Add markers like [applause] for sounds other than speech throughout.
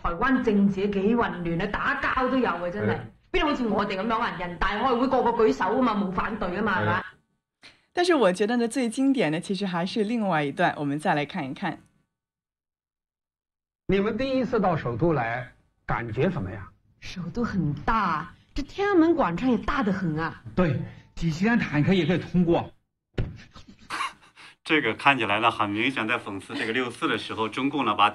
台灣政治幾混亂啊，打交都有嘅，真係邊好似我哋咁樣啊？人大開會個個舉手啊嘛，冇反對啊嘛，係嘛、哎？是吧但是我覺得呢，最經典呢，其實還是另外一段，我們再來看一看。你們第一次到首都來，感覺怎麼樣？首都很大，這天安門廣場也大得很啊。對，幾千輛坦克也可以通過。 [laughs] 這個看起來呢，很明顯在諷刺這個六四的時候，中共呢把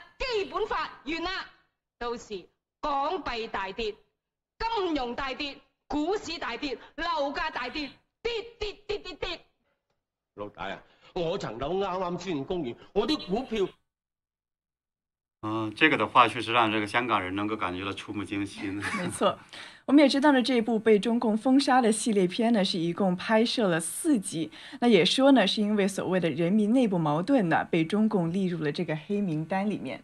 本法完啦，到時，就是，港幣大跌、金融大跌、股市大跌、樓價大跌，跌跌跌跌跌。跌跌跌跌老大啊，我層樓啱啱出現公園，我啲股票……嗯、啊，這個的話確實讓這個香港人能夠感覺到觸目驚心。 [laughs] 沒錯，我們也知道呢，這部被中共封殺的系列片呢，是一共拍攝了四集。那也說呢，是因為所謂的人民內部矛盾呢，被中共列入了這個黑名單裏面。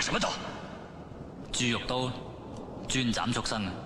什麼刀？豬肉刀，專斬畜生。